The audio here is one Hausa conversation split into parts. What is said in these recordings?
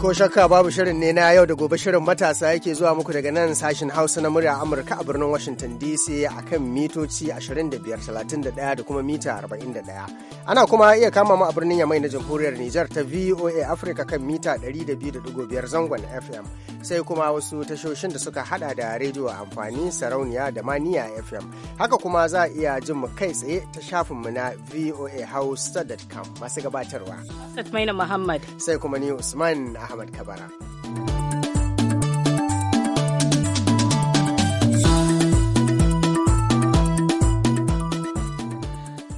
Ko shakka babu shirin ne na yau da gobe shirin matasa yake zuwa muku daga nan sashen Hausa na murya Amurka a birnin Washington DC a kan mitoci 25,31 da kuma mita 41. Ana kuma iya kama mu a birnin Yamai na Jamhuriyar Nijar ta VOA Africa kan mita 200.5 zangon FM. Sai kuma wasu tashoshin da suka hada da rediyo amfani sarauniya da maniya FM. Haka kuma za a iya jin mu kai tsaye ta shafin mu na voahausa.com masu gabatarwa. Muhammad. Sai kuma ni Usman Ahmad Kabara.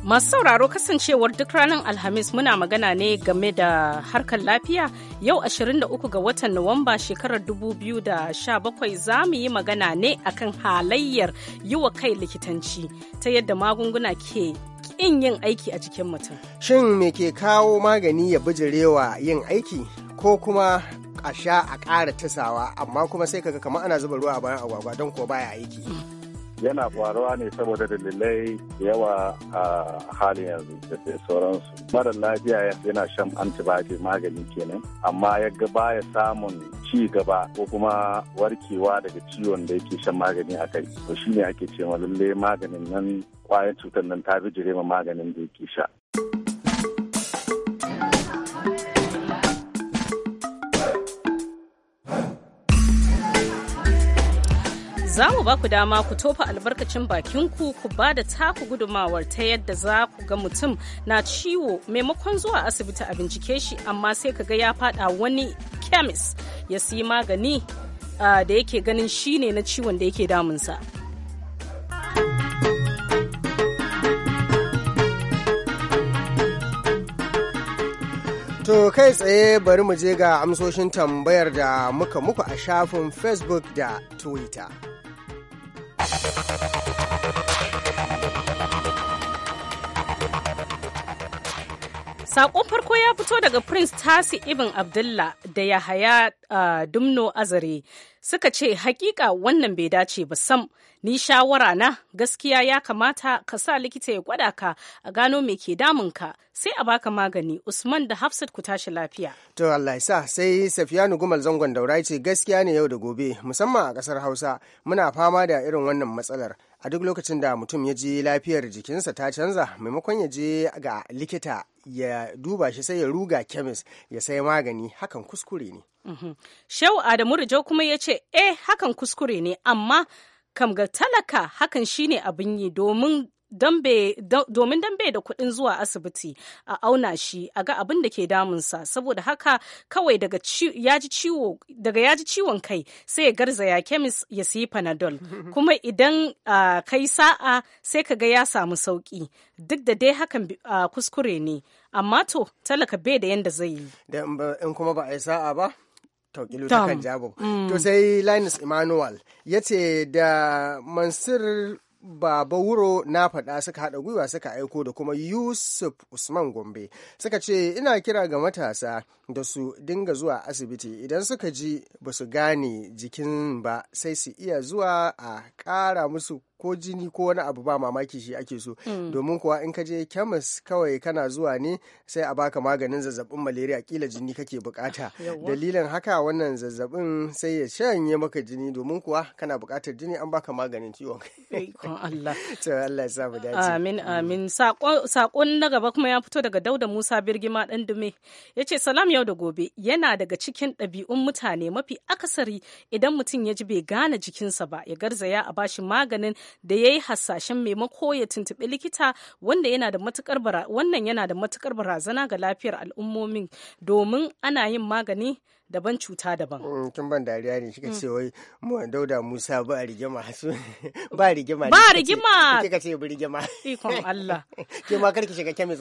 Masu sauraro kasancewar duk ranar Alhamis muna magana ne game da harkar lafiya yau 23 ga watan Nuwamba shekarar 2017 za mu yi magana ne akan halayyar yi wa kai likitanci ta yadda magunguna ke ƙin yin aiki a jikin mutum. Shin me ke kawo magani ya bijirewa yin aiki? ko kuma a sha a ƙara tasawa, amma kuma sai kaga kamar ana zuba ruwa a bayan agwagwa don ko baya aiki yana faruwa ne saboda dalilai yawa a halin yanzu da sai sauransu mara lafiya yana shan antibiotic magani kenan amma ya ga baya samun ci gaba ko kuma warkewa daga ciwon da yake shan magani a kai to shine ake cewa lallai maganin nan kwayan cutar nan ta bijire ma maganin da yake sha za mu ba ku dama ku tofa albarkacin bakin ku ku ba da taku gudumawar ta yadda za ku ga mutum na ciwo maimakon zuwa asibiti a bincike shi amma sai ka ga ya fada wani kemis ya siyi magani da yake ganin shi ne na ciwon da yake damunsa. To kai tsaye bari mu je ga amsoshin tambayar da muka muku a shafin Facebook da Twitter. Sakon farko ya fito daga Prince Tasi Ibn Abdullah da Yahaya ah, Dumno Azare suka ce hakika wannan bai dace ba sam ni shawara na gaskiya ya kamata ka sa likita ya gwada ka a gano me ke damun ka sai a baka magani usman da hafsat ku tashi lafiya to allah sa sai safiyanu gumal zangon daura ce gaskiya ne yau da gobe musamman a kasar hausa muna fama da irin wannan matsalar a duk lokacin da mutum ya ji lafiyar jikinsa ta canza maimakon ya je ga likita ya duba shi sai ya ruga kemis ya sai magani hakan kuskure ne mhm. shau adamu rijo kuma ya ce eh hakan kuskure ne amma kam talaka hakan shine abin yi domin domin dambe da kuɗin zuwa asibiti a auna shi a ga abin da ke damunsa saboda haka kawai daga yaji ciwon kai sai ya garzaya kemis ya siyi panadol kuma idan kai sa'a sai ka ga ya samu sauki duk da dai hakan kuskure ne amma to talaka bai da yanda zai yi in kuma ba a yi sa'a ba taukilu ta kan jabo mm. to sai linus emmanuel ya ce da mansur Baba Wuro na faɗa suka haɗa gwiwa suka aiko da kuma Yusuf Usman Gombe suka ce ina kira ga matasa da su dinga zuwa asibiti idan suka ji ba su gane jikin ba sai su iya zuwa a ƙara musu ko jini ko wani abu ba mamaki shi ake so mm. domin kuwa in ka je kemis kawai kana zuwa ne sai a baka maganin zazzabin malaria kila jini kake bukata ah, dalilin haka wannan zazzabin sai ya shanye maka jini domin kuwa kana bukatar jini an baka maganin ciwon Allah amin mm. amin sakon na gaba kuma ya fito daga Dauda Musa Birgima dan dume yace salam yau da gobe yana daga cikin ɗabi'un mutane mafi akasari idan mutum ya ji bai gane jikinsa ba ya garzaya a bashi maganin da ya yi hasashen maimako ya tuntuɓi likita wanda yana da matukar wannan yana da matukar barazana ga lafiyar al'ummomin domin ana yin magani daban cuta daban. Tun mm, ban dariya ne kika ce wai mu dauda Musa ba a rigima su ba rigima ba rigima kika ce bi rigima. Ikon Allah. Ke ma karki shiga kemis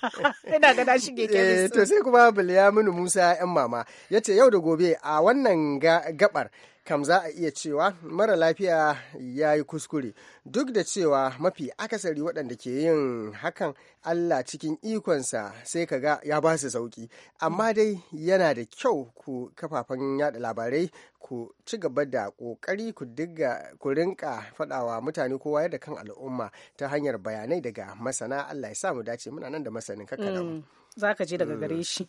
Ina ga da shige eh, kemis. To sai kuma Bilyaminu Musa yan mama yace yau da gobe a wannan gabar kam za a iya cewa mara lafiya ya yi kuskure duk da cewa mafi akasari waɗanda ke yin hakan Allah cikin ikonsa sai ka ga ya ba su sauki amma dai yana da kyau ku kafafen yada labarai ku ci gaba da kokari ku diga ku rinka fadawa mutane kowa yadda kan al'umma ta hanyar bayanai daga masana Allah ya sa dace muna nan da masanin kakkaɗa. Mm, za ka je daga mm. gare shi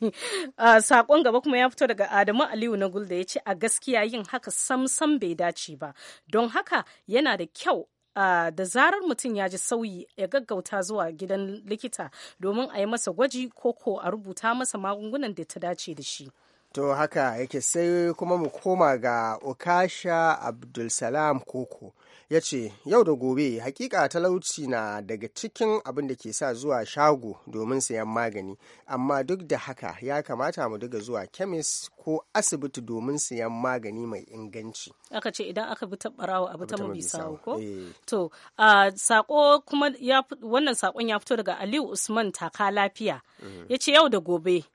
saƙon gaba kuma ya fito daga adamu aliyu na gulda ya ce a gaskiya yin haka sam sam bai dace ba don haka yana da kyau Ah, da zarar mutum ya ji sauyi ya gaggauta zuwa gidan likita domin a yi masa gwaji ko ko a rubuta masa magungunan da ta dace da shi. to haka yake sai kuma mu koma ga okasha abdulsalam koko ya ce yau da gobe hakika talauci na daga cikin abin da ke sa zuwa shago domin sayan magani amma duk da haka ya kamata mu daga zuwa kemis ko asibiti domin sayan magani mai inganci aka ce idan aka bi tabbarawa abu ta sawo ko eh. to sako kuma wannan sakon ya fito daga aliyu usman taka lafiya mm. ya ce yau da gobe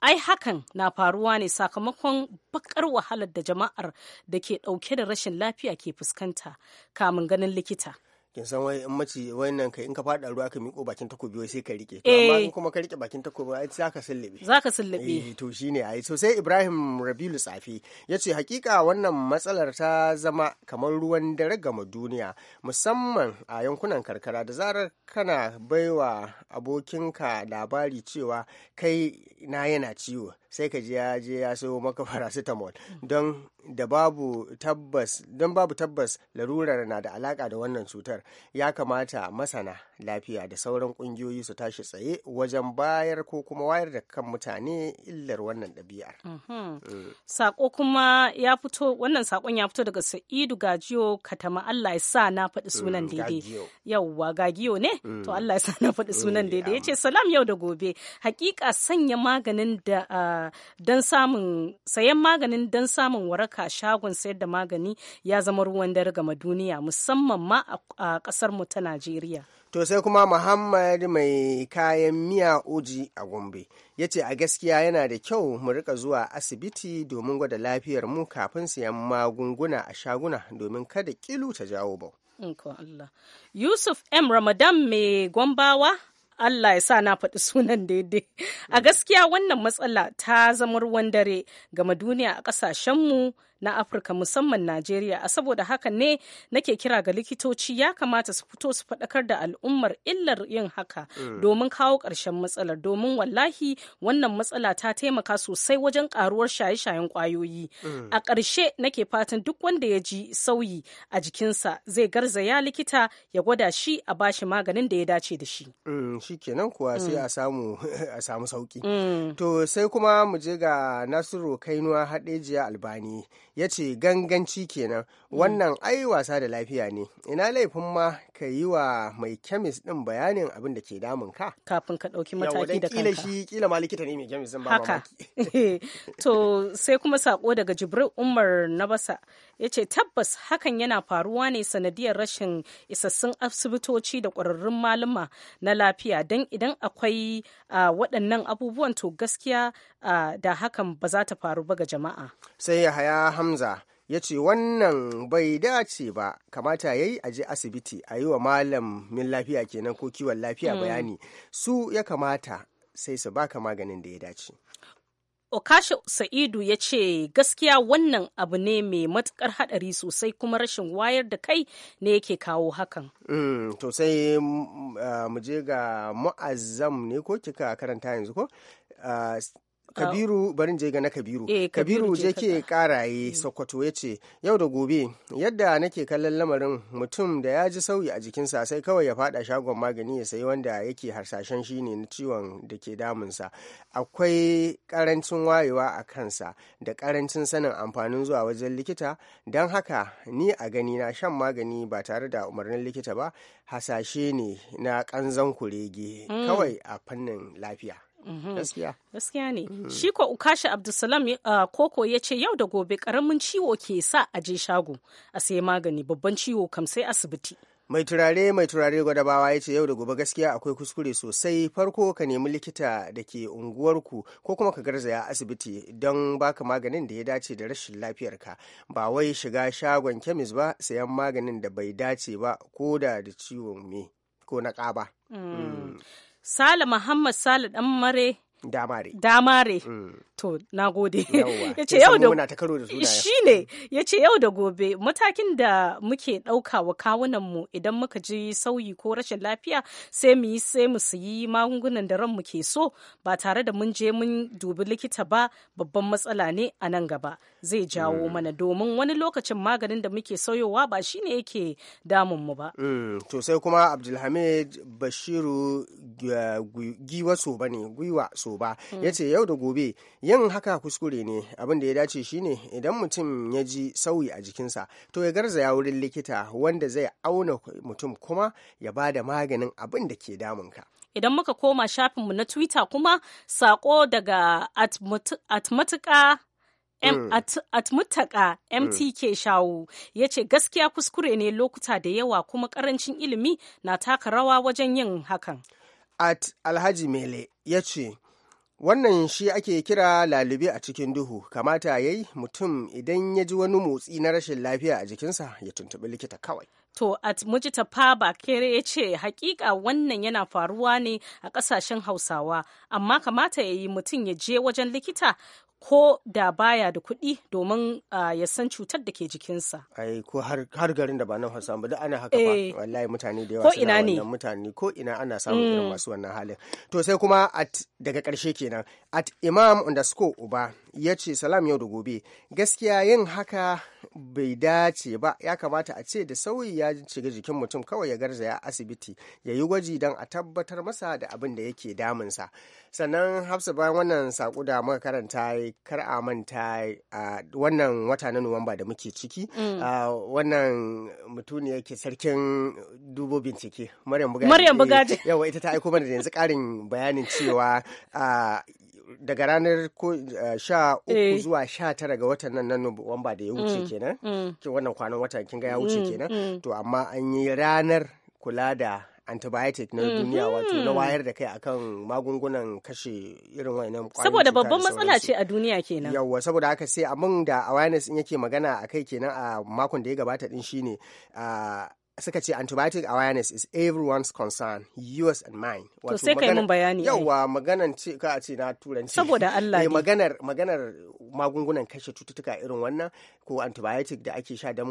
ai hakan na faruwa ne sakamakon bakar wahalar da jama'ar da ke ɗauke da rashin lafiya ke fuskanta kamun ganin likita kin san wai in mace wannan kai in ka fada ruwa ka miko bakin takobi wai sai ka rike to amma eh. in kuma ka rike bakin takobi ai sallabe za ka sallabe eh to shine ai so sai Ibrahim Rabilu Tsafi yace hakika wannan matsalar ta zama kamar ruwan dare ga duniya musamman a yankunan karkara da zarar kana baiwa abokinka labari cewa kai na yana ciwo sai ka je ya je ya sayo maka paracetamol don da babu tabbas don babu tabbas larurar na da alaka da wannan cutar ya kamata masana lafiya da sauran kungiyoyi su tashi tsaye wajen bayar ko kuma wayar da kan mutane illar wannan ɗabi'ar. Mhm. Mm. Sako kuma ya fito wannan sakon ya fito daga Sa'idu Gajiyo Katama Allah ya sa na faɗi sunan mm, daidai. yauwa Gagiyo ne? Mm. To Allah ya sa na faɗi sunan daidai. Ya ce salam yau da gobe. Hakika sanya maganin da ah, don samun sayan maganin don samun waraka shagon sayar da magani ya zama ruwan dare ga duniya musamman ma a kasar mu ta Najeriya. To sai kuma Muhammad mai kayan miya oji a Gombe ya ce a gaskiya yana da kyau mu rika zuwa asibiti domin gwada lafiyar mu kafin siyan magunguna a shaguna domin kada kilu ta jawo bau. Yusuf M. Ramadan mai gombawa Allah ya sa na faɗi sunan daidai. A mm. gaskiya wannan matsala ta zama ruwan dare game duniya a ƙasashenmu na afirka musamman najeriya a saboda hakan ne nake kira ga likitoci ya kamata su fito su faɗakar da al'ummar illar yin haka mm. domin kawo ƙarshen matsalar domin wallahi wannan matsala ta taimaka sosai wajen ƙaruwar shaye-shayen ƙwayoyi mm. a ƙarshe nake fatan duk wanda ya ji sauyi a jikinsa zai garzaya likita ya gwada shi a bashi maganin da ya dace da shi mm, shi kenan kuwa sai a samu a samu sauki to sai kuma mu je ga nasiru kainuwa haɗejiya albani ya ce ganganci kenan mm. wannan ai wasa da lafiya ne ina laifin ma ka yi wa mai kemis din bayanin abin da ke damun ka kafin ka ɗauki mataki da kanka kila shi kila ma likita ne mai kemis din ba haka to sai kuma sako daga jibril umar na basa ya ce tabbas hakan yana faruwa ne sanadiyar rashin isassun asibitoci da ƙwararrun malama na lafiya don idan akwai waɗannan abubuwan to gaskiya da hakan ba za ta faru ba ga jama'a sai yahaya hamza ya ce wannan bai dace ba kamata yayi a je asibiti a yi wa malamin lafiya kenan ko kiwon lafiya hmm. bayani su ya kamata sai su baka maganin da ya dace okashi Sa'idu ya ce gaskiya wannan abu ne mai matukar hadari sosai kuma rashin wayar da kai ne yake kawo hakan. Hmm, to sai ah, mu je ga mu'azzam ne ko kika karanta yanzu ko? Ah, Kabiru barin je ga na Kabiru. Eh, kabiru je ke karaye mm. Sokoto ya ce, Yau da gobe, yadda nake kallon lamarin mutum da ya ji sauyi a jikinsa sai kawai ya fada shagon magani ya sayi wanda yake harsashen shi ne na ciwon da ke damunsa. Akwai karancin wayewa a kansa da karancin sanin amfanin zuwa wajen likita, don haka ni a gani na shan magani ba tare da umarnin likita ba, hasashe ne na kanzan kurege mm. kawai a fannin lafiya. Mm-hmm. gaskiya gaskiya ne mm-hmm. shi ko ukashi abdulsalam uh, koko ya ce yau da gobe karamin ciwo ke sa a je shago a sai magani babban ciwo kam sai asibiti mai turare mai turare gwadabawa ya ce yau da gobe gaskiya akwai kuskure sosai farko ka nemi likita da ke unguwarku ko kuma ka garzaya asibiti don baka maganin da ya dace da rashin lafiyar ka ba wai shiga shagon kemis ba sayan maganin da bai dace ba ko da da ciwon me ko na ƙaba. Mm. Mm. Sale Muhammad Sale mare. damare damare mm. to na gode ya ce yau da shi ne ya ce yau da gobe matakin da muke ɗauka wa kawunanmu idan muka ji sauyi ko rashin lafiya sai mu yi sai mu yi magungunan da ranmu ke so ba tare da mun je mun dubi likita ba babban matsala ne a nan gaba zai jawo mm. mana domin wani lokacin maganin da muke sauyowa ba shine yake damun mu ba mm. to sai kuma abdulhamid bashiru uh, giwa so bane gwiwa so so ba mm. ya ce yau da gobe yin haka kuskure ne abin da ya dace shine idan mutum ya ji sauyi a jikinsa to ya garzaya wurin likita wanda zai auna mutum kuma ya ba da maganin abin da ke damunka idan muka koma shafinmu na twitter kuma sako daga atmatuka Atmutaka MTK mm. mm. shawo Shawu ya ce gaskiya kuskure ne lokuta da yawa kuma karancin ilimi na taka rawa wajen yin hakan. At Alhaji Mele ya ce, wannan shi ake kira lalube a cikin duhu kamata ya yi mutum idan ya ji wani motsi na rashin lafiya a jikinsa ya tuntuɓi likita kawai To, at Mujita ba Kere ya ce, hakika wannan yana faruwa ne a ƙasashen Hausawa, amma kamata ya yi mutum ya je wajen likita ko da baya da kuɗi domin ya san cutar da ke jikinsa. Ai ko har garin da ba nan Hausa ba duk ana haka ba eh. wallahi mutane da yawa suna wannan mutane ko ina ana samun irin mm. masu wannan halin. To sai kuma at daga ƙarshe kenan at imam underscore uba ya ce salam yau da gobe gaskiya yin haka bai dace ba ya kamata a ce da sauyi ya shiga jikin mutum kawai ya garzaya asibiti ya yi gwaji don a tabbatar masa da abin da yake damunsa. sannan hafsa bayan wannan saƙo da muka karanta kar a manta a wannan wata na nuwamba da muke ciki mm. wannan mutune yake sarkin dubo bincike maryam bugaji maryam bugaji yawa ita ta aiko mana da yanzu ƙarin bayanin cewa daga ranar sha uku eh. zuwa sha tara ga watan nan na nuwamba da ya wuce mm. kenan mm. wannan kwanan watan kin ga ya wuce kenan to amma an yi ranar kula da antibiotic na mm-hmm. duniya wato na wayar da kai akan magungunan kashe irin wayannan kwayoyin saboda babban matsala ce a duniya kenan yawwa saboda haka sai abin da awareness in yake magana a kai kenan a makon da ya gabata din shine ah, suka ce antibiotic awareness is everyone's concern yours and mine to sai kai mun bayani yawa maganar ce ka ce na turanci saboda Allah ne eh, maganar maganar magungunan kashe cututtuka irin wannan ko antibiotic da ake sha don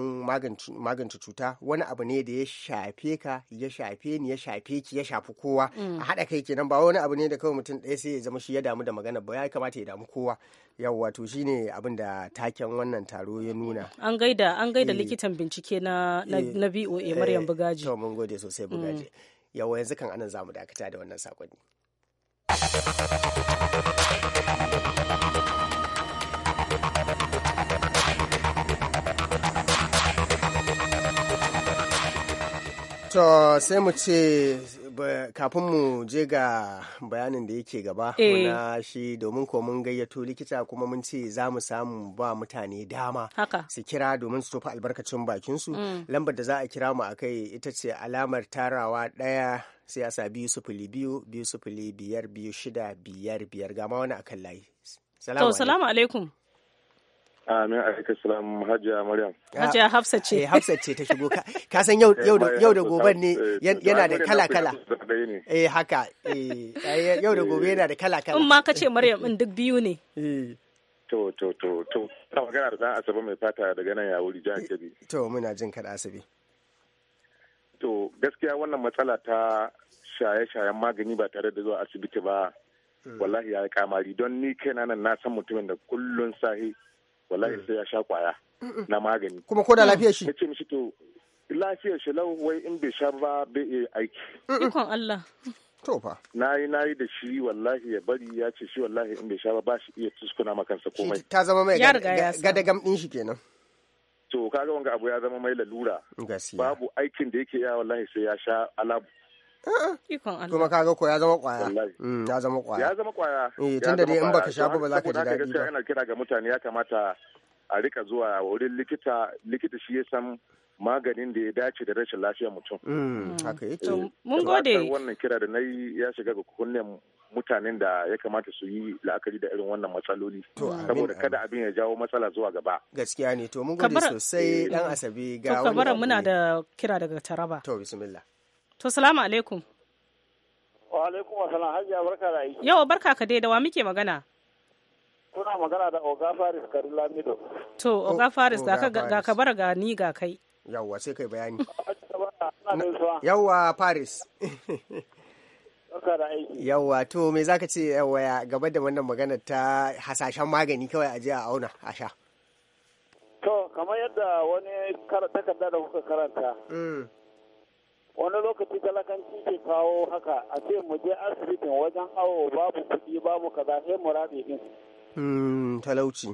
magance cuta wani abu ne da ya shafe ka ya shafe ni ya shafe ki ya shafi kowa mm. a haɗa kai kenan ba wani abu ne da kawai mutum ɗaya sai ya zama shi ya damu da maganar ba ya kamata ya damu kowa yau wato shine abin da taken wannan taro ya nuna an gaida an gaida eh. likitan bincike na na BOA eh. Maryam eh. Bugaji to mun gode sosai Bugaji mm. yau yanzu kan anan zamu dakata da wannan sakonni to sai mu ce kafin mu je ga bayanin da yake gaba eh. muna shi domin ko mun gayyato likita kuma mun ce za mu samu ba mutane dama su kira domin su tofa albarkacin bakinsu mm. lambar da za a kira mu akai ita ce alamar tarawa ɗaya sai a sa biyu sufuli biyu biyu sufuli biyar biyu shida biyar biyar gama wani akan layi. Salamu alaikum. Amin alaika salam Hajiya Maryam. Hajiya Hafsa ce. Hafsa ce ta shigo. Ka san yau da gobe ne yana da kala kala. Eh haka. Eh yau da gobe yana da kala kala. In ma ka ce Maryam in duk biyu ne. To to to to. Ta magana da Asabe mai fata daga nan ya wuri jihar Kebbi. To muna jin kada Asabe. To gaskiya wannan matsala ta shaye-shayen magani ba tare da zuwa asibiti ba wallahi ya yi kamari don ni kaina nan na san mutumin da kullun sahi wallahi mm. sai ya sha kwaya na magani kuma ko da mm. lafiyar shi yace mishi to lafiyar shi lau wai in bai sha ba bai iya aiki ikon Allah to fa nayi nayi da shi wallahi ya bari ya ce shi wallahi in bai sha ba ba shi iya tuskuna ma kansa komai ta zama mai gada gam din shi kenan to kaga wanga abu ya zama mai lalura babu aikin da yake ya wallahi sai ya sha alabu Kuma kaga ko ya zama kwaya. Mm, ya zama kwaya. Ya zama kwaya. Eh tunda dai in baka sha ba za ka ji dadi ba. Ina kira ga mutane ya kamata a rika zuwa wurin likita likita shi ya san maganin da ya dace da rashin lafiyar mutum. Mm, haka mm. yake. Mun gode. Wannan kira da nayi ya shiga ga kunnen mutanen da ya kamata su yi la'akari da irin wannan matsaloli. Saboda kada abin ya jawo matsala zuwa gaba. Gaskiya ne to mun gode sosai dan eh, asabi ga wannan. Kabara muna da kira daga Taraba. To bismillah. To salamu alaikum. Wa alaikum wasalam hajiya barka da aiki. Yawa barka ka dai da wa muke magana? Kuna magana da Oga Faris Karin Lamido. To Oga oh, Faris ga ka bar ga ni ga kai. Yawa sai kai bayani. Yawa Faris. Yawa to me zaka ce yawa gaba da wannan magana ta hasashen magani kawai a a auna a sha. To kamar yadda wani takarda da kuka karanta. Mm. wani lokaci talakanci ke kawo haka a ce mu je asibitin wajen awo babu kuɗi babu kaza sai mu rabe din hmm, talauci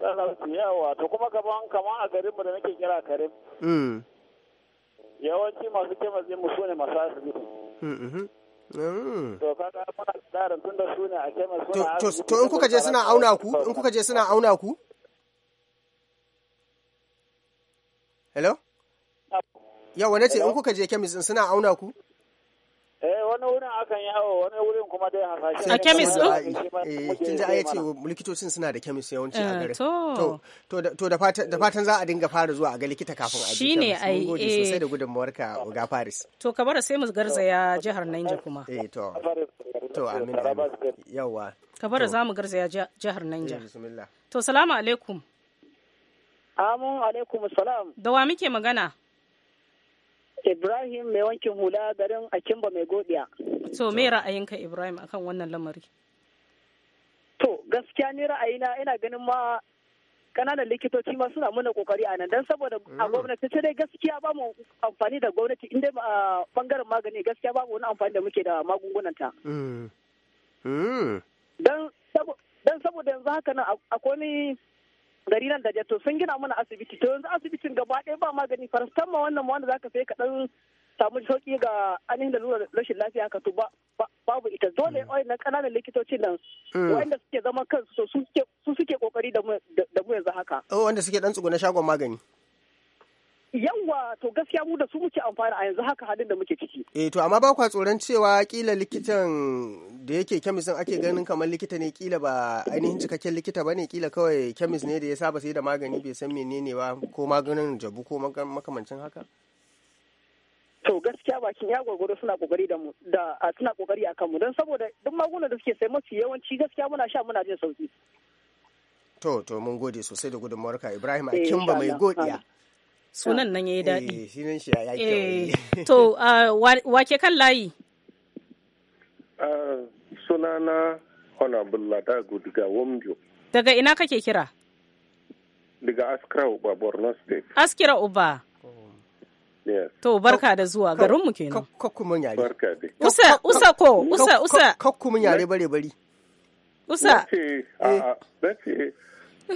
talauci yawa to kuma gaban kama a garinmu da nake kira karim hmm. yawanci masu kematsi mu su ne masu asibiti hmm, mhm. To kaga muna tsarin tunda su ne a kemis suna asibiti. To in kuka je suna auna ku? In kuka je suna auna ku? Hello? yawa na ce in kuka je kemis din suna auna ku eh wani wurin akan yi awo wani wurin kuma dai hasashe a kemis din eh kin ji ai ce likitocin suna da kemis yawanci a eh, garin to to da fatan da fatan za a dinga fara zuwa a ga likita kafin a Shi ne ai eh sosai da gudunmuwar ka ga Paris to ka bara sai mu garzaya jihar Niger kuma eh to to amin yawa ka bara za mu garzaya jihar Niger eh, bismillah to salamu alaikum Amun alaikum salam da wa muke magana Ibrahim mai wankin hula garin Akimba mai godiya. To me ra'ayinka Ibrahim akan wannan lamari? To gaskiya ni ra'ayina ina ganin ma kananan likitoci ma suna muna kokari a nan don saboda a mm. gwamnati sai dai gaskiya ba mu amfani da gwamnati inda a bangaren magani gaskiya ba mu wani amfani da muke da magungunanta. Mm. Mm. Don saboda yanzu haka nan akwai gari nan da je to sun gina mana asibiti to yanzu asibitin gaba ɗaya ba magani farastan ma wannan wanda zaka sai ka dan samu sauki ga ainihin da lura rashin lafiya ka to babu ita dole oyin mm. na kananan likitocin nan mm. wanda suke zama kansu su suke kokari da mu yanzu haka oh, wanda suke dan na shagon magani Yawwa to gaskiya mu da su muke amfani a yanzu haka halin da muke ciki. E to amma ba kwa tsoron cewa kila likitan da yake kemis ake ganin kamar likita ne kila ba ainihin cikakken likita ba ne, kila kawai kemis ne da ya saba sai da magani bai san menene ba ko maganin jabu ko makamancin haka. to gaskiya bakin ya gwargwado suna kokari da mu da suna kokari akan mu don saboda duk magunan da suke sai mafi yawanci gaskiya muna sha muna jin sauki to to mun gode sosai da gudunmawarka Ibrahim eh, Akimba mai godiya sunan ah, nan ya yi daɗi eh, sunan shi ya kyau eh, eh. to ah, wake kan layi ah, sunana honorable dago daga Wombio. daga ina kake kira daga askira uba borno state askira uba oh. To barka da zuwa garinmu kenan. Kakku mun yare. Barka da. Usa, usa ko, usa, usa. Kakku mun yare bare bari. Usa. Nace,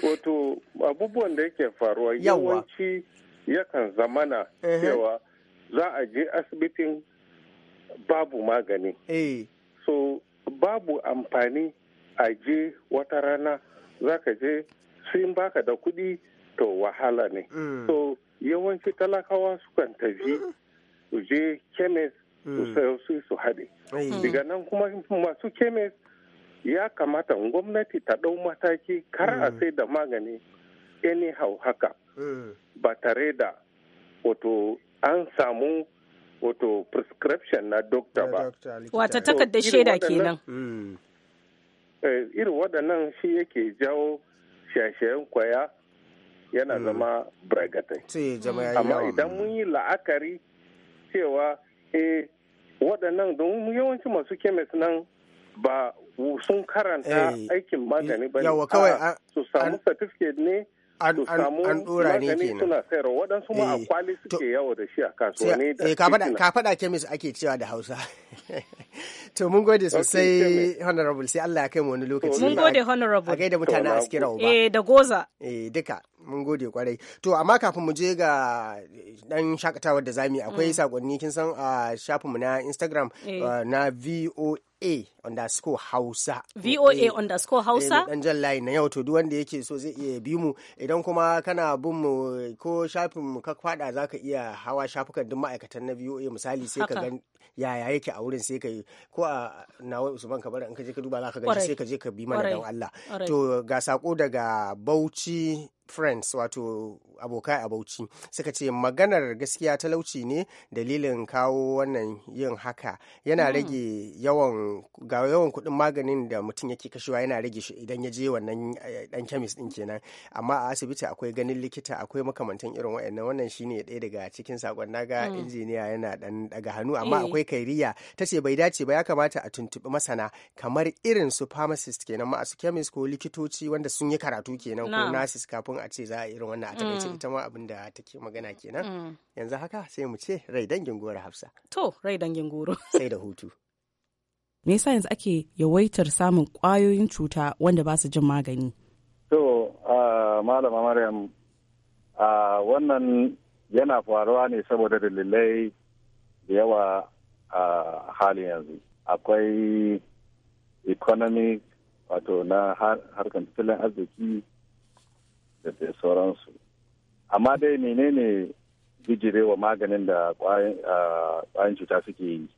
wato abubuwan da yake faruwa yawanci yakan zamana cewa za a je asibitin babu magani eh. so babu amfani a je wata rana za ka je sun baka da kuɗi to wahala ne mm. so yawanci talakawa sukan tafi su je kemis su mm. sayo su su haɗe eh. daga nan kuma masu kemis ya kamata gwamnati ta ɗau mataki kar a mm. sai da magani anyhow haka ba tare da wato an samu wato prescription na dokta ba. Wata takardar shaida kenan. Mm. Eh, irin waɗannan shi yake jawo shashayen kwaya yana mm. zama bragatai. Amma idan mun yi la'akari cewa e waɗannan don yawanci masu kemis nan ba sun karanta eh, aikin magani ba ne. su samu certificate ne. an dora ne kenan suna sayarwa waɗansu ma a eh, suke yawo da shi a kasuwanni da eh, ka faɗa kemis ake cewa da hausa to mun gode sosai honorable sai Allah ya kai mu wani lokaci mun gode honorable a gaida mutanen askira ba eh da goza eh duka mun gode kwarai to amma kafin mu je ga dan shakatawar da zamu akwai mm. sakonni kin san a shafinmu na Instagram eh. na a. underscore hausa voa eh, eh, underscore hausa dan eh, jan layi na yau to duk wanda yake so zai iya bi mu idan kuma kana bin mu ko shafin mu ka kwada zaka iya hawa shafukan duk ma'aikatan na voa misali sai ka gan yaya yake a wurin sai ka yi ko a nawa usman kabara in ka je ka duba zaka gani sai ka je ka bi mana dan Allah to ga sako daga Bauchi friends wato abokai a bauchi suka ce maganar gaskiya talauci ne dalilin kawo wannan yin haka yana hmm. rage yawan ga yawan kuɗin maganin da mutum yake kashewa yana rage shi idan ya je wannan eh, ɗan kemis ɗin kenan amma a asibiti akwai ganin likita akwai makamantan irin wa'annan wannan shine ɗaya daga cikin sakon naga hmm. injiniya yana ɗan daga hannu amma eh. akwai kairiya ta ce bai dace ba ya kamata a tuntuɓi masana kamar irin su pharmacist kenan su kemis ko likitoci wanda sun yi karatu kenan ko nurses kafin a ce za a irin wannan a takaice hmm. ita ma abin da take magana kenan hmm. yanzu haka sai mu ce rai dangin gora hafsa to rai dangin goro sai da hutu me yasa yanzu ake yawaitar samun kwayoyin cuta wanda ba su jin magani to malama maryam wannan yana faruwa ne saboda dalilai da yawa a halin yanzu akwai economic wato na harkar tattalin arziki da sauransu amma dai menene bijirewa maganin da kwayan cuta suke yi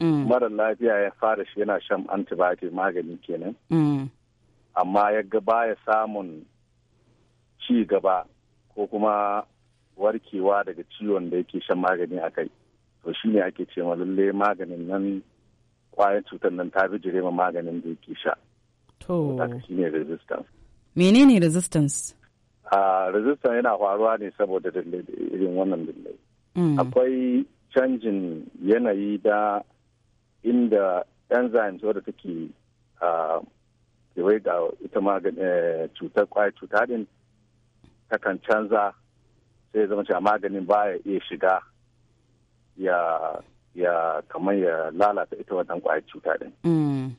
Mm. mara lafiya ya fara shi yana shan antibiotic magani kenan mm. amma ya gaba baya samun ci gaba ko kuma warkewa daga ciwon da yake shan magani a kai to shi ne ake ce lalle maganin nan kwayan cutar nan ta bijire ma maganin da yake sha to shi ne resistance menene resistance a resistance yana faruwa ne saboda irin wannan dalilai mm. akwai canjin yanayi da inda enzymes wadda take kewaye ga ita eh, cutar kwaya cuta din takan canza sai zama cewa maganin baya iya shiga ya ya ya lalata ita wannan kwaya cuta din mm.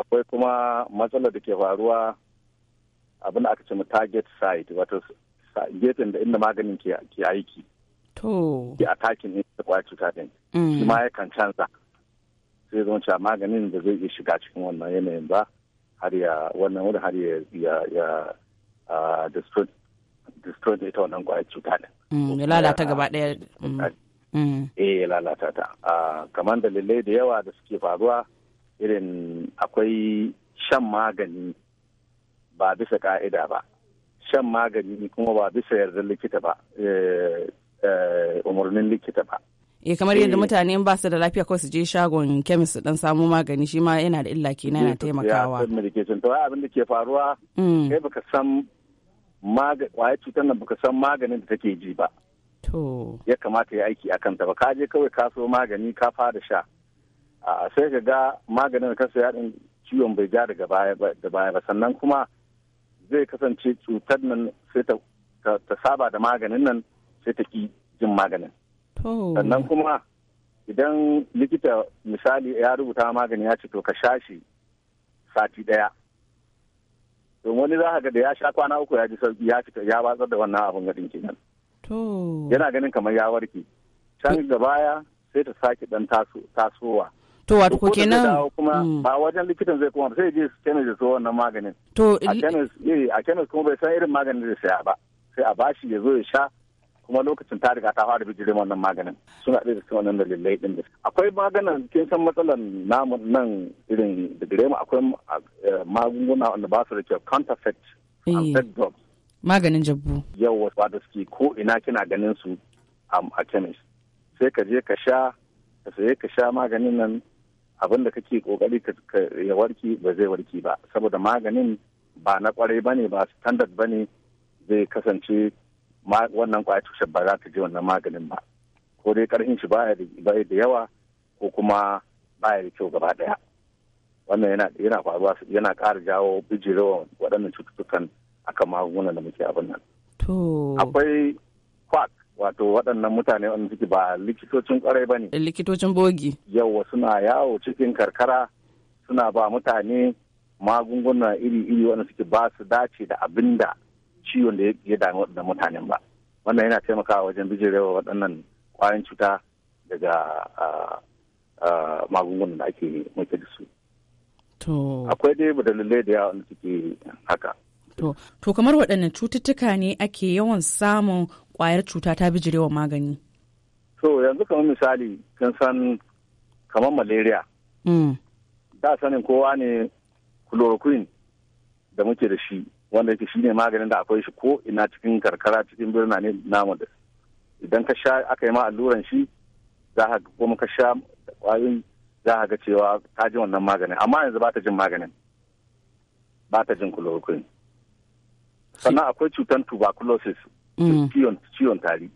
akwai kuma matsalar da ke faruwa abin da aka ce target site wato gefen da inda maganin ke aiki to ya atakin ita kwaya cuta din mm. shi ma yakan canza sai zama cewa maganin da zai iya shiga cikin wannan yanayin ba har ya wannan wani har ya ya ya destroy da ita wannan kwayar cuta ne. Mm, ya lalata gaba ɗaya. Mm, mm. Eh ya lalata ta. Kamar dalilai da yawa da suke faruwa irin akwai shan magani ba bisa ka'ida ba. Shan magani kuma ba bisa yardar likita ba, eh, eh, umarnin likita ba. eh kamar yadda eh. mutane ba su da lafiya ko su je shagon kemis dan samu magani shi ma yana da illa kenan yana eh, taimakawa to abin da ke faruwa mm. kai baka san kwaya cutar nan baka san maganin da take ji ba to ya kamata ya aiki akan ta ba ka je kawai ka so magani ka fara sha a sai ka ga maganin ka saya din ciwon bai ja daga baya da baya ba sannan kuma zai kasance cutar nan sai ta saba da maganin nan sai ta ki jin maganin sannan kuma idan likita misali ya rubuta magani ya ce to ka sha shi sati ɗaya to wani za ka da ya sha kwana uku ya ji sauki ya fita ya watsar da wannan abin gadin kenan yana ganin kamar ya warke can ga baya sai ta sake dan tasowa to wato ko kenan kuma mm. ba wajen likitan zai kuma sai je kenan ya so wannan maganin to a kemis eh, a kenan kuma bai san irin maganin zai saya ba sai a bashi ya zo ya sha kuma lokacin ta riga ta fara bijirin wannan maganin suna ɗaya cikin wannan dalilai ɗin da akwai maganin kin san matsalan namun nan irin da gare mu akwai eh, magunguna wanda ba su da kyau counterfeit and eh. drugs maganin jabbu yawa da suke ko ina kina ganin su a chemist sai ka je ka sha ka saye ka sha maganin nan abin da kake kokari ya warki ba zai warki ba saboda maganin ba na kwarai bane ba standard bane zai kasance wannan kwaya tushen ba za ta je wannan maganin ba ko dai karfin shi baya da yawa ko kuma baya da kyau gaba daya wannan yana yana faruwa yana ƙara jawo bijirewa waɗannan cututtukan akan magungunan da muke abin nan to akwai kwak wato waɗannan mutane wanda suke ba likitocin kwarai ba ne likitocin bogi yawa suna yawo cikin karkara suna ba mutane magunguna iri-iri wanda suke ba su dace da abin da ciwon da ya damu da mutanen ba wannan yana taimakawa wajen bijirewa waɗannan kwayan cuta daga magungunan da ake mace da su akwai dai da yawa suke haka to kamar waɗannan cututtuka ne ake yawan samun ƙwayar cuta ta bijirewa magani to yanzu kamar misali kin san kamar malaria mm. da sanin kowa ne chloroquine da muke da shi wanda yake shine maganin da akwai shi ko ina cikin karkara cikin birna ne namu da idan ka sha aka yi ma alluran shi za ka kuma ka sha kwayoyin za ka ga cewa ka ji wannan maganin amma yanzu ba ta jin maganin ba ta jin chloroquine sannan akwai cutar tuberculosis mm. ciwon tari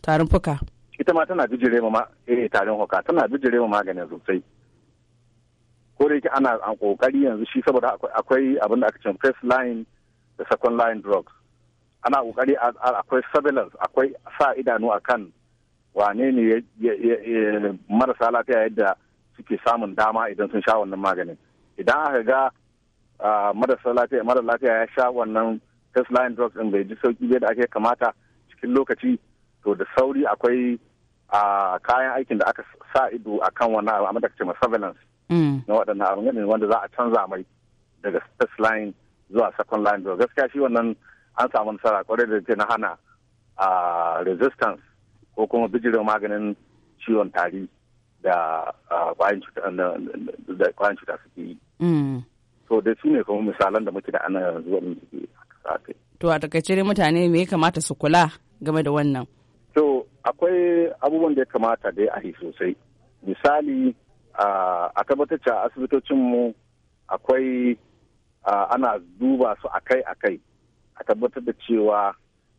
tarin fuka ita ma tana bijire ma eh tarin fuka tana bijire ma maganin sosai ko da yake ana kokari yanzu shi saboda akwai abin da aka ce first line da second line drugs ana kokari akwai surveillance akwai sa idanu akan wane ne marasa lafiya yadda suke samun dama idan sun sha wannan maganin idan aka ga marasa lafiya mara lafiya ya sha wannan first line drugs din bai ji sauki bai da ake kamata cikin lokaci to da sauri akwai kayan aikin da aka sa ido akan wannan abu da ce surveillance mm. na waɗannan abin wanda za a canza mai daga first line zuwa second line draw gaskiya shi wannan an samu nasara kwarai da ta na hana resistance ko kuma bijirin maganin ciwon tari da kwayan cuta suke yi. Mm. So da su ne kuma misalan da muke da ana zuwa muke To a takaice dai mutane me ya kamata su kula game da wannan? To akwai abubuwan da ya kamata dai a yi sosai. Misali a tabbatar a asibitocinmu akwai ana duba su akai-akai a tabbatar da cewa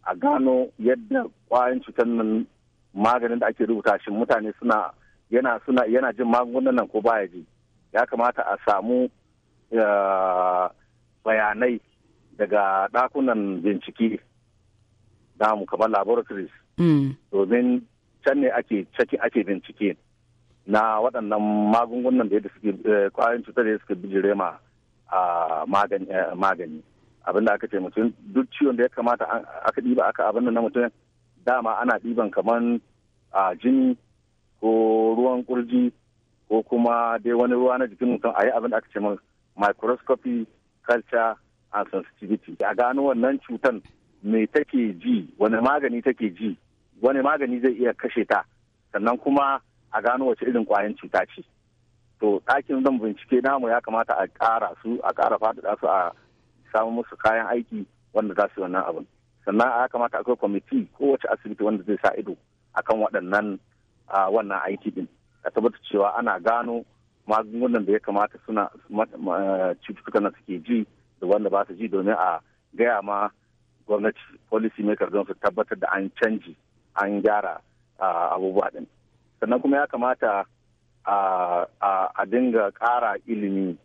a gano yadda kwayan cutar nan maganin da ake rubuta shi mutane suna yana suna yana jin magungunan nan ko baya ji ya kamata a samu bayanai daga ɗakunan bincike damu kamar laboratories mm. domin can ne ake ake bincike na waɗannan magungunan da suke kwayan eh, cutar da suke bijire ma a eh, magani abin da aka ce mutum duk ciwon da ya kamata aka ɗiba aka abin na mutum dama ana ɗiban kaman a jini ko ruwan kurji ko kuma dai wani ruwa na jikin mutum a yi abin da aka ce microscopy culture and sensitivity a gano wannan cutan me take ji wani magani take ji wani magani zai iya kashe ta sannan kuma a gano wace irin kwayan cuta ce to ɗakin zan bincike namu ya kamata a ƙara su a ƙara faɗaɗa su a samu musu kayan aiki wanda za su yi wannan abin sannan ya kamata akwai kwamiti kowace asibiti wanda zai sa ido akan waɗannan wannan aiki din a tabbatar cewa ana gano magungunan da ya kamata suna cututtukan da suke ji da wanda ba su ji domin a gaya ma gwamnati policy maker don su tabbatar da an canji an gyara abubuwa din sannan kuma ya kamata a dinga ƙara ilimi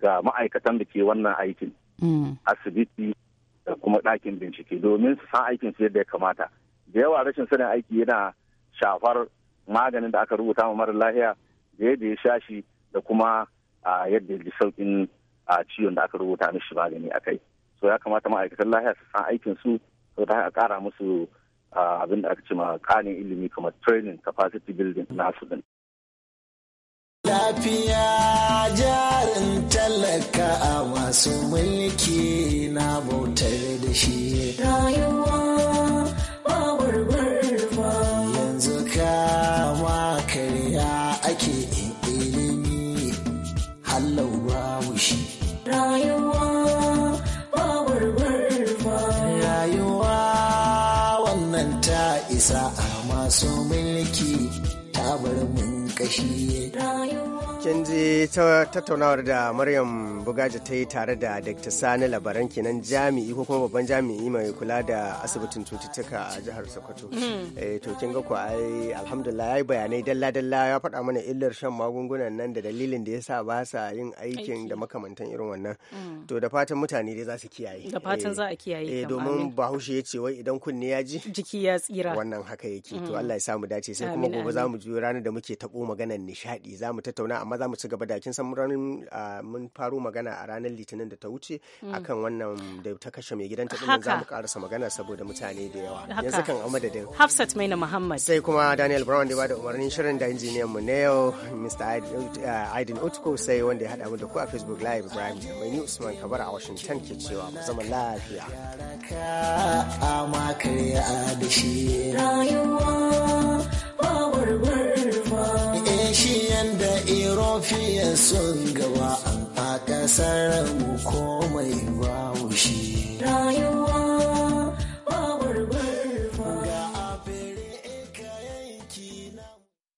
ga ma'aikatan da ke wannan aikin mm. asibiti da kuma ɗakin bincike domin su san aikin su yadda ya kamata da yawa rashin sanin aiki yana shafar maganin da aka rubuta ma mara lahiya da yadda ya sha shi da kuma yadda ya ji sauƙin ciwon da aka rubuta mishi magani a kai so ya kamata ma'aikatan lahiya su san aikin su ta a ƙara musu abin da aka ce ma ilimi kamar training capacity building nasu din lafiya jarin talaka a masu mulki na bautar da shi rayuwa ba ba yanzu kama karya ake ilimi hallau babu shi rayuwa ba ba rayuwa wannan ta isa a masu mulki ta bar mun kashi rayuwa sun ji tattaunawar da maryam bugaji ta yi tare da dr sani labaran kenan jami'i ko kuma babban jami'i mai kula da asibitin cututtuka a jihar sokoto mm. eh, to kin ga ko ai alhamdulillah yayi bayanai dalla dalla ya faɗa mana illar shan magungunan nan da dalilin da yasa ba sa yin aikin da makamantan irin wannan mm. to da fatan mutane dai za su kiyaye da fatan eh. za a kiyaye eh, domin bahaushe ya ce wai idan kunne ya ji jiki ya tsira wannan haka yake to mm. Allah ya samu dace sai kuma gobe za mu ji ranar da muke tabo maganar nishadi za mu tattauna amma za mu ci gaba da kin san mun faro magana a ranar litinin da ta wuce mm. akan wannan da ta kashe mai gidanta din za mu karasa magana saboda mutane da yawa yanzu kan amadadin Hafsat Maina Muhammad sai kuma Daniel Brown da bada umarnin shirin da injiniyan mu ne yau Mr. Uh, Aidin Utko sai wanda ya hada mu da ku a Facebook Live Ibrahim mai ni Usman Kabar a Washington ke cewa mu zama lafiya amma kai a da rayuwa ba warware yan da irofiya sun gaba a ƙasar mu komai ba shi. Rayuwa.